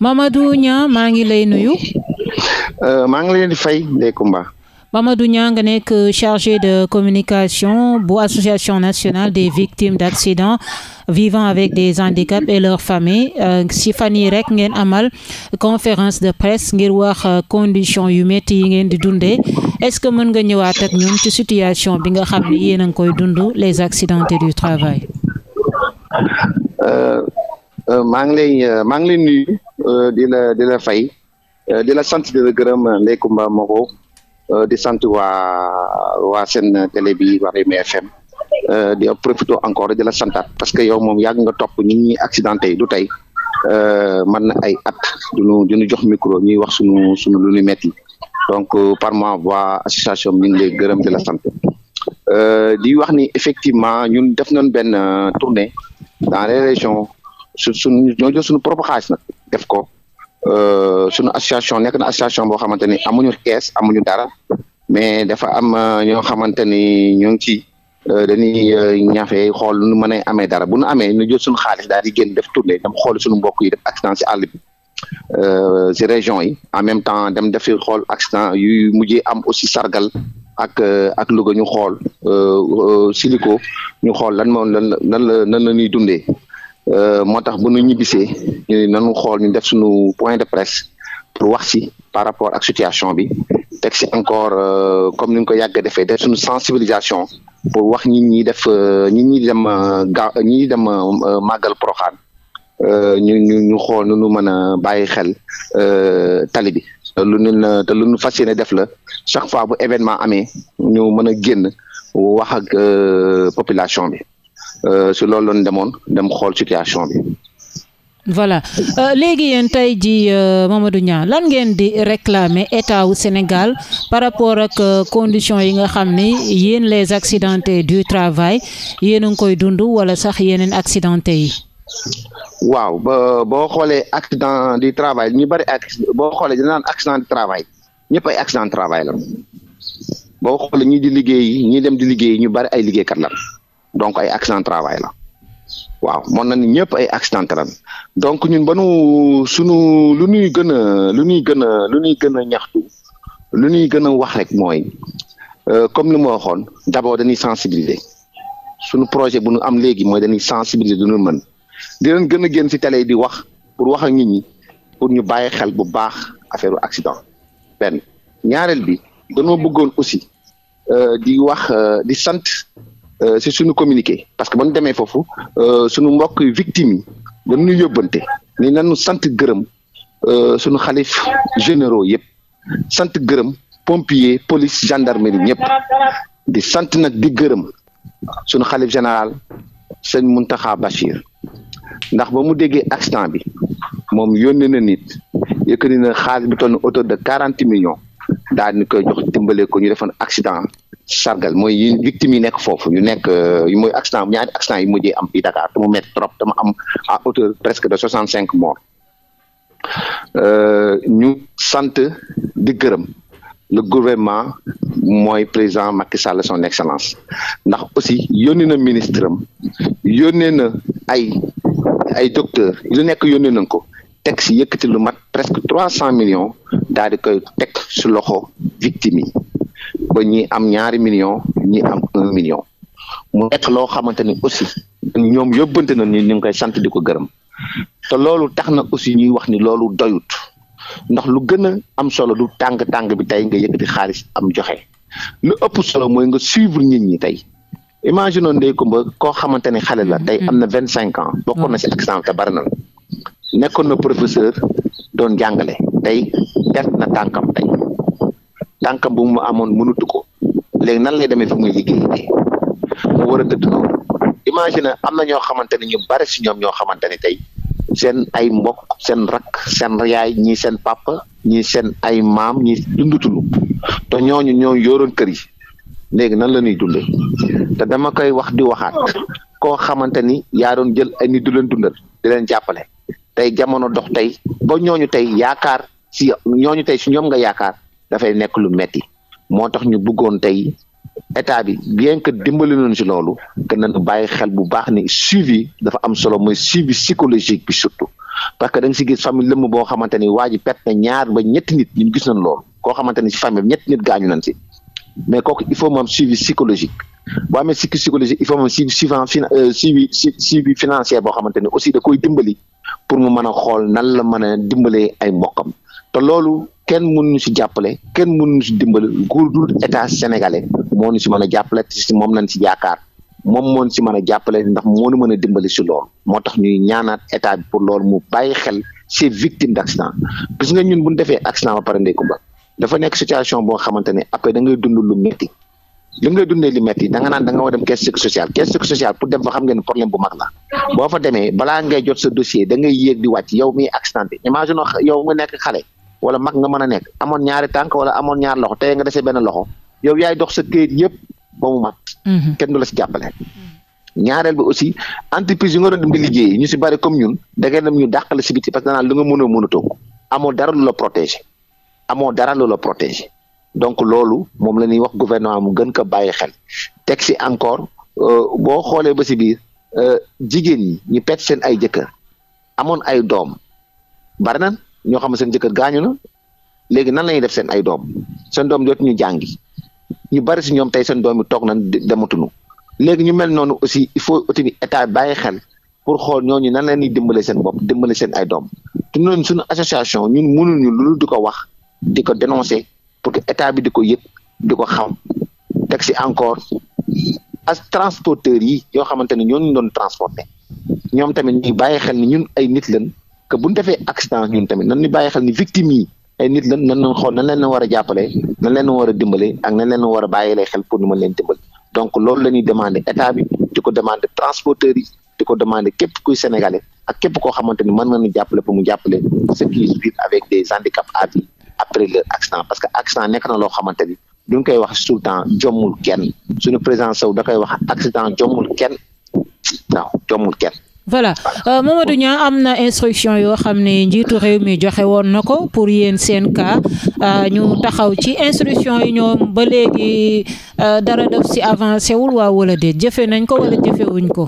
Mamadou Niang maa ngi lay nuyu. Euh, maa ngi leen di fay Ndeye Comba. Mamadou Niang nga nekk chargé de communication bu association nationale des victimes d'accidents vivant avec des handicaps et leurs familles euh, si fan yi rek ngeen amal conférence de presse ngir wax euh, conditions yu métti yi ngeen di dundee est-ce que mën nga ñëwaat ak ñoom ci situation bi nga xam ne yéen a ngi koy dund les accidentés du travail. maa ngi lay maa ngi lay nuyu. Euh, di la di la fay euh, di la sant di la gërëm Ndeye Comba Moreau euh, di sant waa waa seen télé bi waa Rewmi FM di profité encore di la santaat parce que yow moom yàgg nga topp ñi ñuy accidenté du tey man na ay at duñu duñu jox micro ñuy wax suñu suñu lu ñu metti donc par ma voix association bi ñu ngi lay gërëm di la sant di wax ni effectivement ñu def nañ benn tournée dans les su suñu ñoo jël suñu propre xaalis nag def ko euh, suñu association nekk na association boo xamante ni amuñu kees amuñu dara mais dafa am euh, ñoo xamante ni ñoo ngi ci euh, dañuy ñafe xool nu mën a amee dara bu nu amee ñu jël suñu xaalis daal di génn def tournée dem xool suñu mbokk yi def accident si àll bi si région yi en même temps dem defi xool accident yu mujjee am aussi sargal ak ak Louga ñu xool siliko ñu xool lan moo lan lan la nan la ñuy dundee Euh, moo tax bu nu ñibbisee ñu nanu xool ñu def suñu point de presse pour wax si par rapport ak situation bi teg si encore euh, comme ni ñu ko yàgg defee def sunu sensibilisation pour wax ñi ñi def ñi euh, ñi dem ga ñi dem màggal Porokhane ñu ñu ñu xool nu nu mën a bàyyi xel tali bi lu ñu te lu ñu fas yéene def la chaque fois bu événement amee ñu mën a génn wax ak population bi. Euh, si loolu lañ demoon dem xool situation bi. voilà euh, léegi yéen tey ji euh, Mamadou Niang lan ngeen di réclamer état wu Sénégal par rapport ak conditions yi nga xam ni yéen les accidentés du travail yéen a ngi koy dund wala sax yeneen accidentés yi. waaw ba boo xoolee accident du travail ñu bari ak boo xoolee dinaan accident du ñëpp ay accident du boo xoolee ñi di liggéey ñi dem di liggéey ñu bari ay liggéeykat la donc ay accident travail la waaw mën na ni ñëpp ay accident lan donc ñun ba nu sunu lu ñuy gën a lu ñuy gën a lu ñuy gën a ñaxtu lu ñuy gën a wax rek mooy euh, comme li ma waxoon d'abord dañuy sensibiliser sunu projet bu nu am léegi mooy dañuy sensibiliser du ñu mën di leen gën a génn ci télé di wax pour wax ak nit ñi pour ñu bàyyi xel bu baax affaire accident pen ñaareel bi dañoo bëggoon aussi euh, di wax euh, di sant Euh, si suñu communiqué parce que ba ñu demee foofu euh, suñu mbokk victime yi dañu ñu yóbbante ni nanu sant gërëm euh, suñu xalif généraux yëpp sant gërëm pompier police gendarmerie ñëpp di sant nag di gërëm suñu xalif général mun Muntaxa Bachir ndax ba mu déggee accident bi moom yónnee na nit yëkkati na xaalis bi toll na autour de quarante millions daal ni koy jox dimbale ñu defoon accident sargal mooy yi victime yi nekk foofu yu nekk yu euh, mooy accident ñaari accident yi mujjee am fii Dakar te mu métti trop te am à hauteur presque de soixante cinq morts euh, ñu sant di gërëm le gouvernement mooy président Macky Sall son excellence ndax aussi yónnee na ministre yónnee na ay ay docteur lu nekk yónnee nañ ko teg si yëkkati lu mat presque trois cent millions daal di koy teg su loxo victime ba ñi am ñaari million ñi am un million mu nekk loo xamante ni aussi ñoom yóbbante na ñu ñu ngi koy sant di ko gërëm te loolu tax na aussi ñuy wax ni loolu doyut ndax lu gën a am solo du tàng-tàng bi tey nga yëkkati xaalis am joxe lu ëpp solo mooy nga suivre nit ñi tey imagine Ndeye Comba koo xamante ni xale la tey am na vingt cinq ans bokkoon na si exemple te bari na nekkoon na professeur doon jàngale tey perte na tànkam tey tànkam bu mu amoon mënutu ko léegi nan lay demee fi muy liggéey mu war a tëdd imagine am na ñoo xamante ne ñu bari si ñoom ñoo xamante ne tey seen ay mbokk seen rakk seen yaay ñii seen papa ñi seen ay maam ñi dundutuñu te ñooñu ñoo yoroon kër yi léegi nan la ñuy dundee te dama koy wax di waxaat koo xamante ni yaa doon jël ay nit du leen dundal di leen jàppale tey jamono dox tey ba ñooñu tey yaakaar si ñooñu tey si ñoom nga yaakaar dafay nekk lu metti moo tax ñu bëggoon tey état bi bien que dimbali nañ ci loolu que nañu bàyyi xel bu baax ni suivi dafa am solo mooy suivi psychologique bi surtout parce que da nga si gis famille lëmm boo xamante ni waa ji pet ñaar ba ñetti nit ñun gis nañ loolu koo xamante ni si famille bi ñetti nit gaañu nañ si mais kooku il faut moom suivi psychologique boo amee suivi psychologique il faut moom suivi euh, suivi suivi financier boo xamante ni aussi da koy dimbali pour mu mën a xool nan la mën a dimbalee ay mbokkam te loolu kenn mënuñu si jàppale kenn mënuñu si dimbale góor dul état sénégalais moo ñu si mën a jàppale te si moom nañ si yaakaar moom moon si mën a jàppale ndax moo ñu mën a dimbali si loolu moo tax ñuy ñaanaat état pour lool mu bàyyi xel ces victimes d' accident gis nga ñun bu ñu defee accident ba pare ndeykum ba dafa nekk situation boo xamante ne après da ngay dund lu métti li ngay dundee li métti da naan da nga war dem caisse sécurité sociale caisse sécurité sociale pour dem fa xam ngeen problème bu mag la boo fa demee balaa ngay jot sa dossier da ngay yéeg di wàcc yow miy accidenté imagine yow nga nekk xale wala mag nga mën a nekk amoon ñaari tànk wala amoon ñaar loxo tey nga dese benn loxo yow yaay dox sa këyit yëpp ba mu mat. Mhm. kenn du la si jàppale. Mhm. ñaareel bi aussi entreprise yu nga doon dem di liggéey ñu si bari comme ñun da ngay dem ñu dàqale si biti parce que danaa lu nga mënoo mënatoo ko dara lu la protéger amoo dara lu la protéger donc loolu moom la ñuy wax gouvernement mu gën ko bàyyi xel teg si encore euh, boo xoolee ba si biir euh, jigéen ñi ñu pet seen ay jëkkër amoon ay doom bari nan ñoo xam ne seen jëkkër gaañu na léegi nan la ñuy def seen ay doom seen doom dootuñu jàngi ñu bari si ñoom tey seen doom yi toog nañ dematuñu léegi ñu mel noonu aussi il faut aussi état bàyyi xel pour xool ñooñu nan la ñuy dimbale seen bopp dimbale seen ay doom te ñun suñu association ñun mënuñu loolu di ko wax di ko dénoncer pour que état bi di ko yëg di ko xam teg si encore as transporteurs yi ñoo xamante ne ñoo ñu doon transporté ñoom tamit ñuy bàyyi xel ni ñun ay nit lañ. que bu ñu defee accident ñun tamit nan ñu bàyyi xel ni victime yi ay nit lan nan xool na leen war a jàppale nan leen war a dimbale ak nan leen war a bàyyi lay xel pour ñu mën leen dimbale donc loolu la ñuy demandé état bi di ko demande transporteurs yi ko demande képp kuy sénégalais ak képp koo xamante ni mën nañu jàppale pour mu jàppale ceux qui vivent avec des handicaps à vie après leur accident parce que accident nekk na loo xamante ni duñ koy wax tout le temps jommul kenn suñu président Sow da koy wax accident jommul kenn waaw jommul voilà euh, Mamadou Niang am na instruction yoo xam ne njiitu réew mi joxe woon na ko pour yéen seen ka euh, ñu taxaw ci instruction yi ñoom ba léegi euh, dara def si avancé wul waa wala déet jëfe nañ ko wala jëfewuñ ko.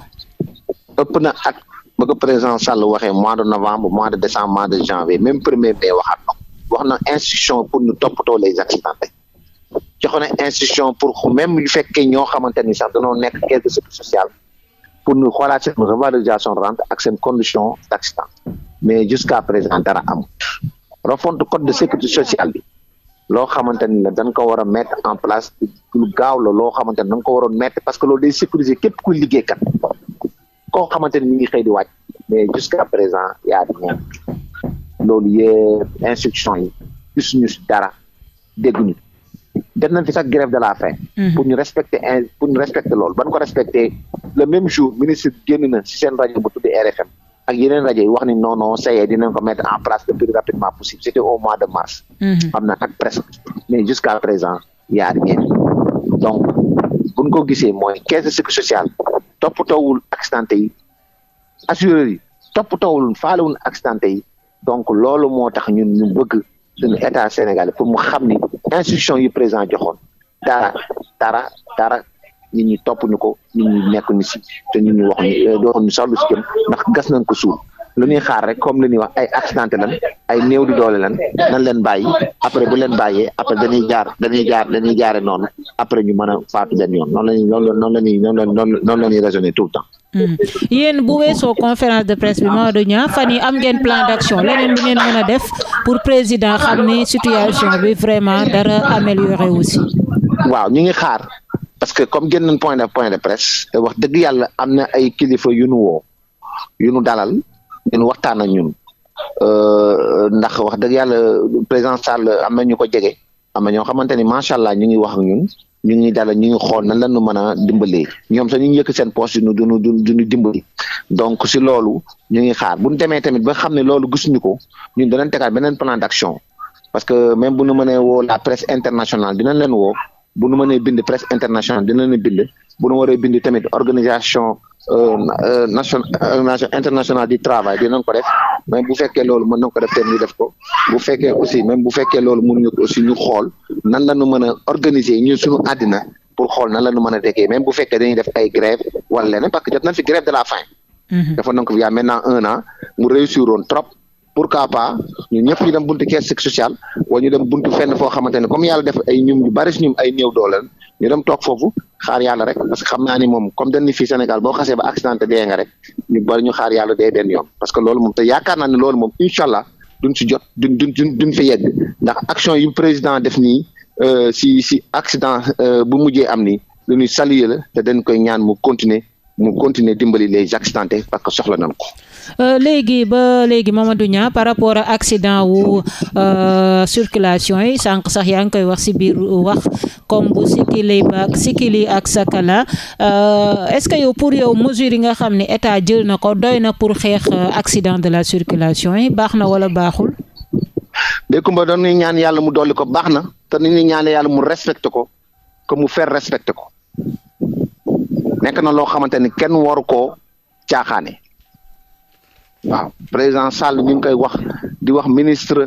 ëpp na ak ba ko président Sall waxee mois de novembre mois de décembre mois de janvier même premier mai waxaat na wax na instruction pour ñu toppatoo les accidentés joxe na instruction pour même yu fekkee ñoo xamante ni sax danoo nekk quelque sociale. pour ñu xoolaat seen revalorisation rente ak seen condition d' accident mais jusqu'à présent dara am refonte code de sécurité sociale bi loo xamante ni la dañ ko war a mettre en place lu gaaw la loo xamante ni dañ ko waroon mettre parce que loolu de sécuriser képp ku kuy liggéeykat koo xamante ni mi ngi xëy di wàcc mais jusqu'à présent yaa di loolu yëpp instruction yi gisuñu si dara dégguñu def nañ fi sax grève de la faim. Mhm. pour ñu respecter in pour ñu respecter loolu ba ñu ko respecter le même jour ministre génn na si seen rajo bu tudd RFM ak yeneen rajo yi wax ni non non ça y est dinañ ko mettre en place le plus rapidement possible c'était au mois de mars. Mhm. am na nag presque mais jusqu'à présent y a rien donc bu ko gisee mooy caisse de sécurité sociale toppatoowul accidenté yi assureur yi toppatoowul faalewul accidenté yi donc loolu moo tax ñu bëgg suñu état sénégalais pour mu ni. instruction yu président joxoon dara dara dara nit ñi topp ñu ko nit ñi nekk ñu si te nit ñi wax ñu euh, ñu sax si jëm ndax gas nañ ko suul lu ñuy xaar rek comme li ñuy wax ay accidenté lan ay néew di doole lan nan leen bàyyi après bu leen bàyyee après dañuy jaar dañuy jaar dañuy jaare noonu après ñu mën a faatu benn yoon noonu la ñuy noonu la ñuy noonu la ñuy raisonner tout le temps. Hmm. yéen bu weesoo conférence de presse bi Maodo Niang fan yi am ngeen plan d'action leneen lu ngeen a def pour président xam ni situation bi vraiment dara amélioré aussi. waaw ñu ngi xaar parce que comme génn point de point de presse wax dëgg yàlla am na ay kilifa yu nu woo yu nu dalal ñun waxtaan ak ñun. ndax wax dëgg yàlla président Sall am na ñu ko jege am na ñoo xamante ni macha allah ñu ngi wax ak ñun ñu ngi dala xool nan la nu mën a dimbalee ñoom sax ñu ngi yëkk seen poste ñu duñu duñu dimbali donc si loolu ñu ngi xaar bu ñu demee tamit ba xam ne loolu gisuñu ko ñun danañ tegaat beneen plan parce que même bu ñu mënee woo la presse internationale dinañ leen woo. bu nu mënee bind presse internationale dina leen bind bu nu waree bind tamit organisation euh, euh, nationale euh, internationale du travail dinañ ko def mais bu fekkee loolu mën nañ ko def te ñu def ko bu fekkee aussi même bu fekkee loolu mënuñu ko aussi ñu xool nan la nu mën a organiser ñun suñu àddina pour xool na la nu mën a dekkee même bu fekkee dañuy def ay grève wala leneen parce que jot nañ fi grève de la faim. Mhm. dafa nañ ko fi y a un an mu réussir trop. pourquoi pas ñun ñëpp ñu dem buntu caisse sociale wala ñu dem buntu fenn foo xamante ne comme yàlla def ay ñum ñu bari si ñum ay néew doole ñu dem toog foofu xaar yàlla rek parce que xam naa ni moom comme dañ ni fii Sénégal boo xasee ba accidenté dee nga rek ñu bari ñu xaar yàlla dee benn parce que loolu moom te yaakaar naa ne loolu moom incha allah duñ si jot du duñ duñ fi ndax action yu président def nii euh, si si accident euh, bu mujjee am nii lu ñuy saluer la te dañ koy ñaan mu continuer mu continuer dimbali les accidentés parce que soxla nañ ko. Euh, léegi ba léegi Mamadou Niang par rapport a accident wu euh, circulation yi sànq sax yaa ngi koy wax si biir wax comme bu Sikili ba Sikili ak Sakala euh, est-ce que yow pour yow mesure yi nga xam ne état jël na ko doy na pour xeex accident de la circulation yi baax na wala baaxul. Dékumba doon ñaan yàlla mu dolli ko baax na te ni ñuy yàlla mu respecté ko que mu faire respecté ko. nekk na loo xamante ni kenn waru koo caaxaane waaw président Sall ñu ngi koy wax di wax ministre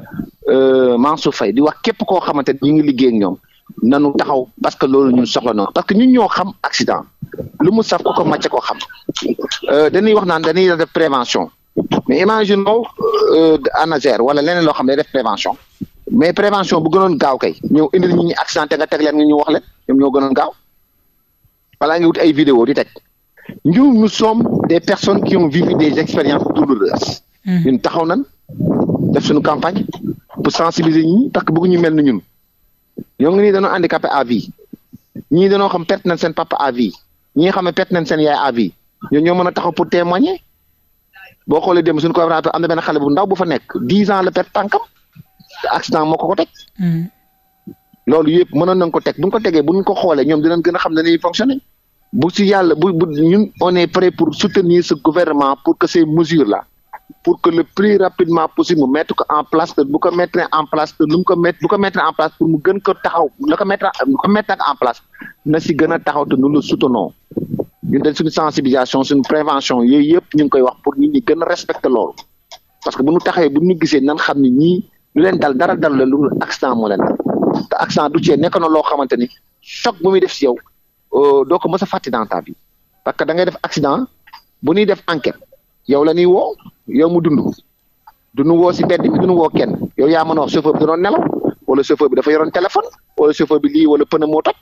euh, Mansour fay di wax képp koo xamante ni ñu ngi liggéey ak ñoom nanu taxaw parce que loolu ñun soxla noonu parce que ñun ñoo xam accident lu mu saf ku ko màcce koo xam euh, dañuy wax naan dañuy def prévention mais imaginons euh, ANASER wala leneen loo xam ne def prévention mais prévention bu gënoon gaaw kay ñëw indil ñu ñu accidenté nga teg leen nga wax leen ñoom ñoo gaaw balaa nga wut ay vidéo di teg ñu nous sommes des personnes qui ont vécu des expériences douloureuses. Hmm. ñun taxaw nan def suñu campagne pour sensibiliser ñi parce que bëgg ñu mel ni ñun ñoo ngi nii dañoo handicapé à vie ñii xam perte nañ seen papa à vie ñi nga xam ne perte nañ seen yaay à vie ñooñu ñoo mën a taxaw pour témoigner boo xoolee dem suñu coopérative am na benn xale bu ndaw bu fa nekk dix ans la perte tànkam accident moo ko ko teg. Hmm. loolu yëpp mënoon nañ ko teg bu ñu ko tegee bu ñu ko xoolee ñoom dinañ gën a xam ne dañuy fonctionner bu si yàlla bu bu ñun on prêt pour soutenir ce gouvernement pour que ces mesures là pour que le plus rapidement possible mu mettre ko en place que bu ko mettre en place que lu mu ko mettre bu en place pour mu gën ko taxaw la ko mettre ko en place na si gën a taxaw te nu nous le soutenons ñun dañ suñu sensibilisation suñu prévention yooyu yëpp ñu ngi koy wax pour nit ñi gën a respecter loolu parce que bu ñu taxawee bu ñu gisee nan xam ne ñii lu dara dal la lu accident te accident routier nekk na loo xamante ni choc bu muy def si yow euh, doo ko mës a fàtti dans ta vie parce que da ngay def accident bu ñuy def enquête yow la ñuy woo yow mu dund dunu woo si mbedd mi dunu woo kenn yow yaa mën a wax chauffeur bi danoon nelaw wala chauffeur bi dafa yoroon téléphone wala chauffeur bi lii wala pneu moo toj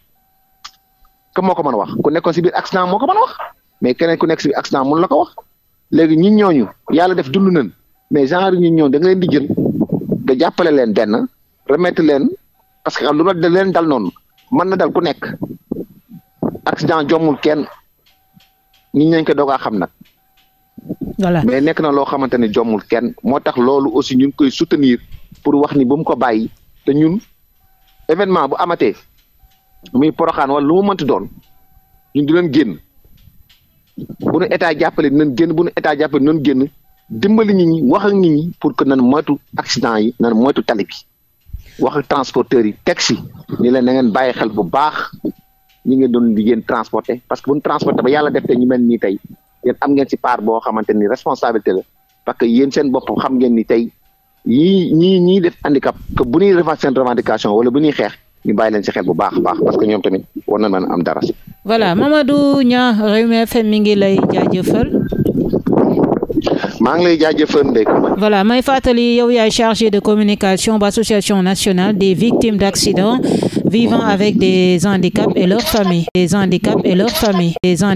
que moo ko mën a wax ku nekkoon si biir accident moo ko mën wax mais keneen ku nekk si biir accident mun la ko wax léegi ñun ñooñu yàlla def dund nañ mais genre ñun ñooñu da nga di jël nga jàppale leen benn remettre leen parce que lu la leen dal noonu man na dal ku nekk accident jommul kenn nit ñañ ko doog a xam nag. voilà mais nekk na loo xamante ne jommul kenn moo tax loolu aussi ñu ngi koy soutenir pour wax ni bu mu ko bàyyi te ñun événement bu amatee muy poroxaan wala lu mu mënti doon ñun du leen génn bu nu état jàppale dinañ génn bu nu état jàppale dinañ génn dimbali nit ñi wax ak nit pour que nan moytu accident yi nan moytu tali wax ak transporteurs yi taxi ni leen na ngeen bàyyi xel bu baax ñi ngeen doon liggéey parce que bu ñu transporté ba yàlla def te ñu mel nii tey yéen am ngeen ci part boo xamante ni responsabilité parce que yéen seen bopp xam ngeen ni tey yii ñii ñii def handicap que bu ñuy refaat seen revendication wala bu ñuy xeex ñu bàyyi leen ci xel bu baax baax parce que ñoom tamit war na mën am dara si. voilà Mamadou Niang Rewmi FM mi ngi lay maa ngi lay jaajëfal Ndeye voilà may fàttali yow yaay chargé de communication bu association nationale des victimes d'accidents vivant avec des handicaps et leurs familles des handicaps et leurs familles des